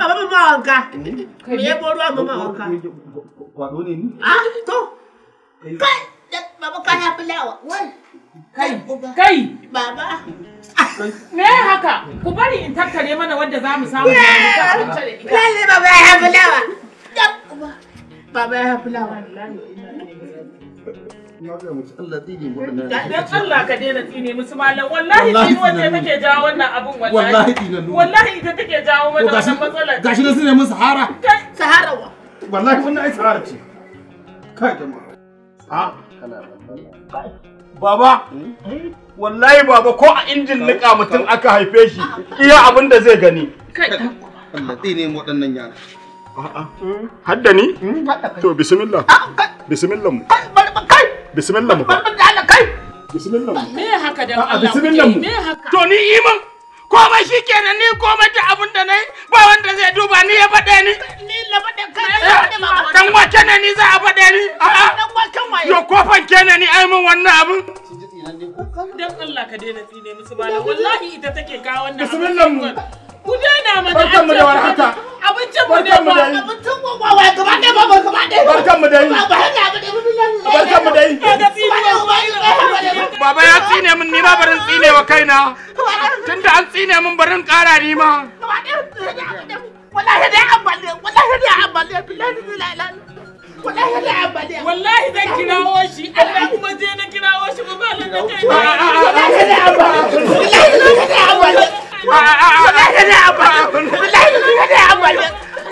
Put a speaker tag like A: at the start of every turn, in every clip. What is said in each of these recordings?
A: Baba mama wanka.
B: Me ya ruwa mama wanka. Kwado ne Ah,
A: to. Kai, baba ka ya fulawa. Kai, kai. Baba. Me haka? Ku bari in tattare mana wanda za mu samu. baba ya ya fulawa. Baba ya
B: Allah ka
A: daina tsine musu malam wallahi tsine take jawo wannan abun wallahi wallahi tsine wallahi ita take jawo mana wannan matsalar gashi na tsine musu sahara sahara wa
B: wallahi wannan ai sahara ce kai kana Baba, eh? wallahi baba ko a injin nika mutum aka haife shi iya abin da zai gani. Kai, Allah tsine mu waɗannan yara. Hadda ni? Hmm, to bismillah. Ah, bismillah mu. Bismillah mu. Bismillah mu. Me haka
A: dan ah, ah, Allah? Bismillah mu. To
B: ni iman komai shi kenan ni komai ta abin da nayi ba wanda zai duba ni ya faɗe ni. Ni la faɗe kai. Eh, dan wace ne ni za a faɗe ni? A'a. Dan waken waye? Yo kofan kenan ni ai mun wannan
A: Dan Allah ka daina tsine musu bala wallahi ita take kawo wannan. Bismillah mu.
B: Ku daina mana. Barkan
A: mu da warhaka.
B: barkan mu baba ya tsine min ni ma barin tsine wa kaina tunda an tsine min barin kara ni ma
A: wallahi dai ambaliya wallahi dai ambaliya billahi la ilaha wallahi da ambaliya wallahi zan kirawo shi Allah kuma je na kirawo shi ba ba da kai wallahi da ambaliya
B: wallahi da ambaliya wallahi wallahi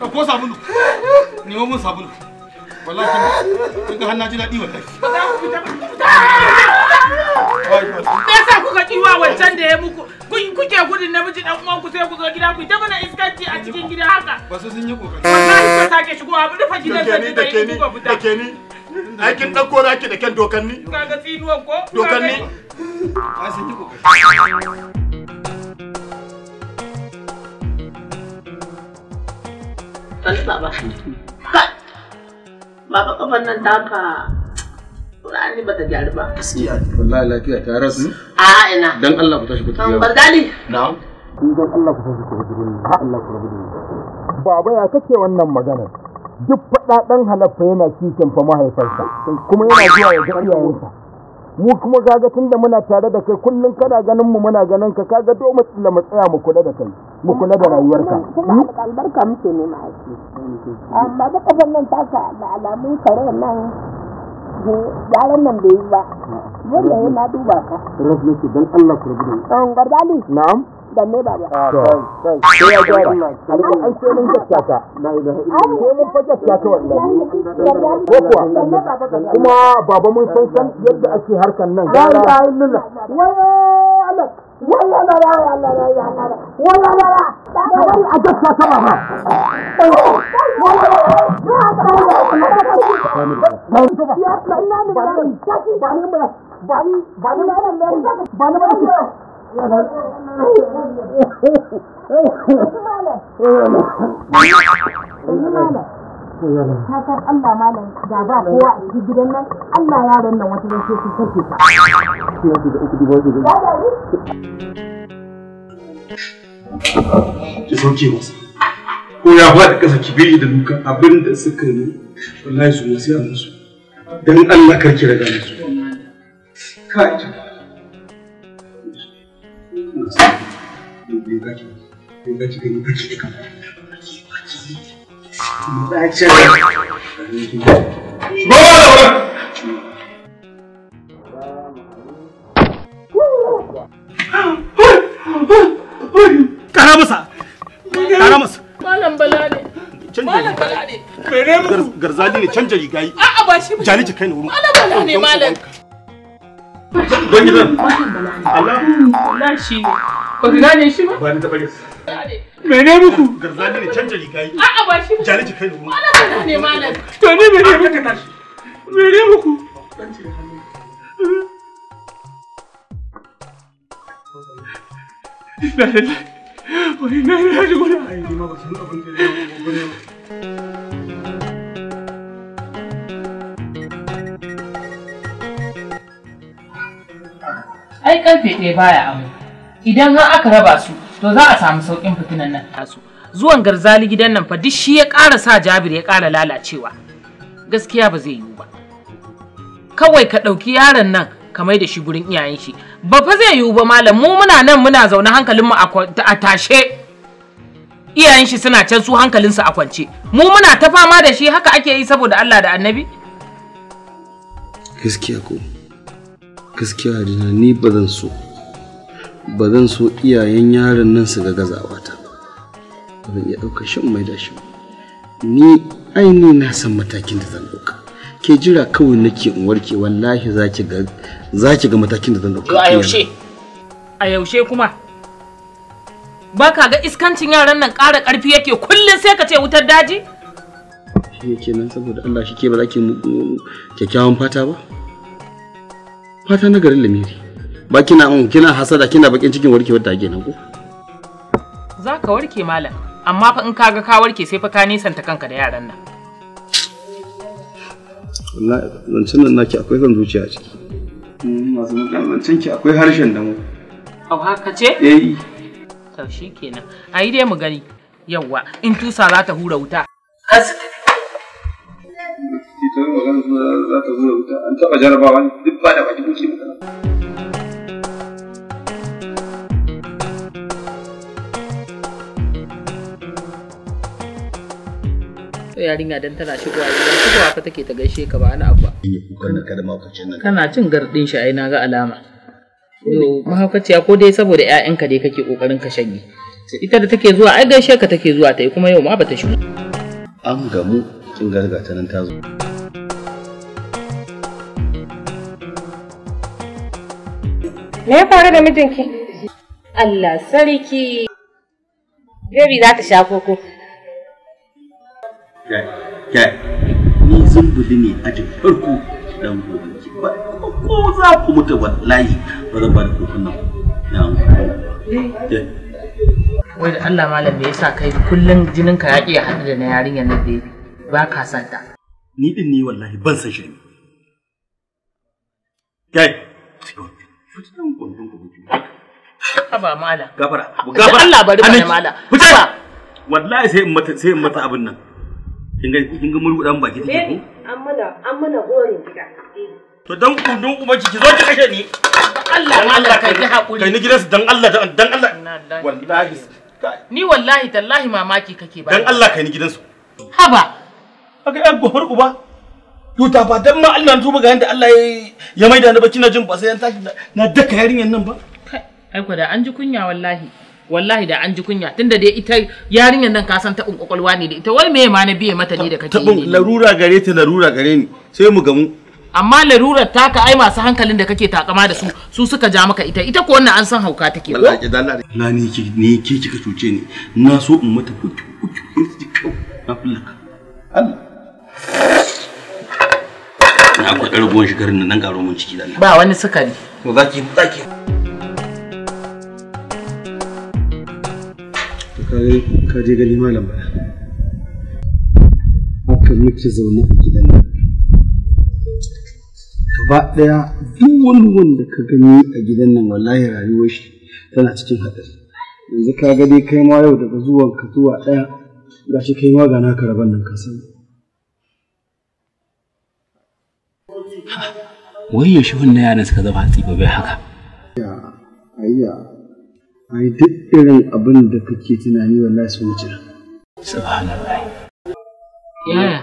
B: ko sabulu. Nemo mun sabulu. Wallahi kin ga hannu ji daɗi wallahi. Me
A: yasa kuka kiwa wancan da ya muku? Kuke gudun namiji dan uwan ku sai ku zo gida ku ta mana iskanci a cikin gida haka. Ba su sun yi kokari. Wallahi sake gidan da ni da ni da
B: ni. zaki da dokanni.
A: tsinuwan ko? Dokanni. Ai sun yi
B: kokari.
C: bari baba
A: baba kafan nan taka
C: Kurani bata gyaru ba. Gaskiya wallahi lafiya ta rasu. Hmm?
A: A ina. Dan
C: Allah ku tashi ku tafi. Bar dali.
B: Na'am. dan Allah ku tashi ku tafi. Allah ku rabu da ni. Baba ya kace wannan magana. Duk faɗa ɗan halaffa yana kishin fa mahaifarsa kuma yana zuwa ya ga iyayensa. Mu kuma kaga tunda muna tare da kai kullum kana ganin mu muna ganin ka kaga dole mu tsaya mu kula da kai. mu kula da rayuwarka albarka muke nema ce. amma da kafan nan ta ka da alamun kare nan eh, yaran nan bai yi ba yana duba ka nake Allah ku rubuta na'am kuma baba mun san san yadda ake harkan nan ta san Allah
A: malam da ba kowa a cikin gidan nan Allah yaron nan wata
B: zai ce su kake ta.
C: ki sauke masa ko ya faɗi ƙasa ki bili da duka abin da suka yi wallahi su masu yana su don Allah karki raga musu kai da wurin!
A: tara masa tara masa malam bala ne malam ne canja yi a'a ba shi kai malam bala ne malam
B: don gidan Allah Allah ne ka gane shi ba ba ni mene muku ne yi a'a ba shi kai
A: malam ne malam
B: to ni mene muku
A: mene
B: muku wai na na ji wani ai ni ba da ya gobe ne
A: ai karfe ɗaya baya amai idan har aka raba su to za a samu sauƙin fitinan nan tasu zuwan garzali gidan nan fa duk shi ya ƙara sa jabir ya ƙara lalacewa gaskiya ba zai yiwu ba kawai ka ɗauki yaron nan ka mai da shi gurin iyayen shi ba fa zai yiwu ba malam mu muna nan muna zaune hankalinmu a tashe iyayen shi suna can su hankalinsu a kwance mu muna ta fama da shi haka ake yi saboda Allah da annabi
C: gaskiya ko gaskiya Hadina ni ba zan so ba zan so iyayen yaron nan su ga gazawa ta ba zan iya ɗaukar shan mai da shi ni ainihin na san matakin da zan ɗauka ke jira kawai nake in warke wallahi zaki ga zaki ga matakin da zan dauka a yaushe
A: a yaushe kuma ba ka ga iskancin yaran nan ƙara ƙarfi yake kullum sai ka ce wutar daji
C: shi yake nan saboda Allah shi ke ba za ki kyakkyawan fata ba fata na garin lamiri ba kina mm, kina hasada kina bakin cikin warkewar ta nan ko
A: za ka warke malam amma fa in ka ga ka warke sai fa ka nisanta kanka da yaran nan
C: wancan nan naki akwai zan zuciya a ciki mm, masu ki akwai harshen da mu
A: haka ce eh. a yi dai mu gani yawwa in tusa za ta hura wuta
C: an taɓa jarabawa duk ba da baki kuke
A: yarinya dan tana shigowa gida shigowa fa take ta gaishe ka ba ana abu ba
C: kukan ka nan kana
A: cin gardin shi ai na ga alama yo mahaukaciya ko dai saboda ƴaƴanka dai kake kokarin ka shanye ita da take zuwa ai gaishe ka take zuwa ta yi kuma yau ma bata shigo
B: an gamu kin garga ta nan ta zo
A: Me ya faru da mijinki? Allah sarki.
C: Baby za ta sha koko. ni zumbuli ne a jin farko dan gobe ki ba ko za ku
B: mutu wallahi ba zan ba da na, nan wai
A: da Allah malam me yasa kai kullum jinin ka ya ƙi haɗu da na yarinyar nan da
B: ba ka san ni din ne wallahi ban san shi kai
A: Aba mala.
B: Gafara. Allah bari mana mala. Fita. Wallahi sai in mata sai in mata abin nan. kin ga kin ga murgudan baki take ko
A: an mana an mana gida
B: to dan ku dun kuma ki zo ki kashe ni Allah Allah kai ki hakuri kai ni gidansu dan Allah dan Allah wallahi
A: ni wallahi tallahi mamaki kake ba dan Allah kai
B: ni gidansu haba kaga yan gohar uba to ta ba dan ma Allah tuba ga yanda Allah ya maida ni ba kina jin ba sai yan tashi na daka yarinyan nan ba
A: ai da an ji kunya wallahi wallahi da an ji kunya tunda dai ita yarinyar nan ka san taɓin kwakwalwa ne da ita wai me ma na biye mata ne da kake taɓin
B: larura gare ta larura gare ni sai mu gamu amma larurar taka ai
A: masu hankalin da kake takama da su su suka ja maka ita ita ko wannan an san hauka take ko wallahi
B: da Allah na ni ke ni ke kika cuce ni na so in mata kuki kuki na fullaka Allah na ku ɗargon shi garin nan garo mun ciki da
A: Allah ba wani sukari
B: to zaki zaki
C: ka je gani malam ba haka muke zaune a gidan nan gaba ɗaya duk wani wanda ka gani a gidan nan wallahi rayuwar shi tana cikin haɗari yanzu ka gani dai kai ma yau daga zuwan ka zuwa ɗaya ga shi kai ma ga naka rabon nan ka san wai yaushe wannan yaran suka zama tsibabai haka ayya ai duk irin abin da kake tunani wallahi su wuce subhanallah yaya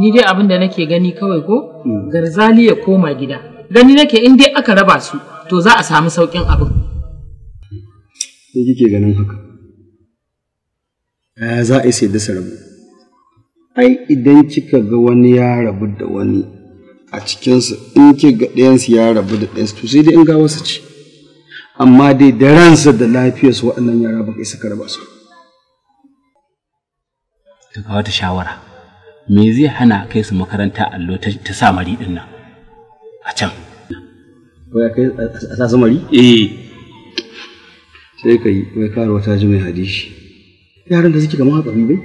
A: ni dai abin da nake gani kawai ko hmm. garzali ya koma gida gani nake in dai aka raba su to za a samu saukin abin
C: sai kike ganin haka yaya za a sai da sarabu ai idan kika ga wani ya rabu da wani a cikinsu in kika ga ɗayansu ya rabu da su to sai dai in ga wasu ce amma dai da ransa da lafiyarsu waɗannan yara ba isa karba su
B: ka ga wata shawara me zai hana kai su makaranta allo ta samari din nan a can
C: wai kai a sa samari eh sai ka yi wai karo ta ji mai hadishi yaran da suke kamar hatsari bai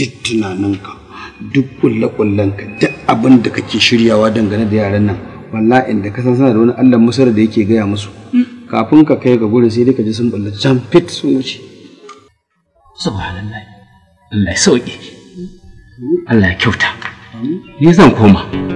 C: duk tunaninka duk kulle-kullenka duk abin da kake shiryawa dangane da yaran nan wallahi inda ka san sana da wani allah musar da yake gaya musu mm. kafin ka kai ga gurin sai ka ji sun balla fit sun wuce subhanallah Allah ya sauke Allah ya kyauta ni zan koma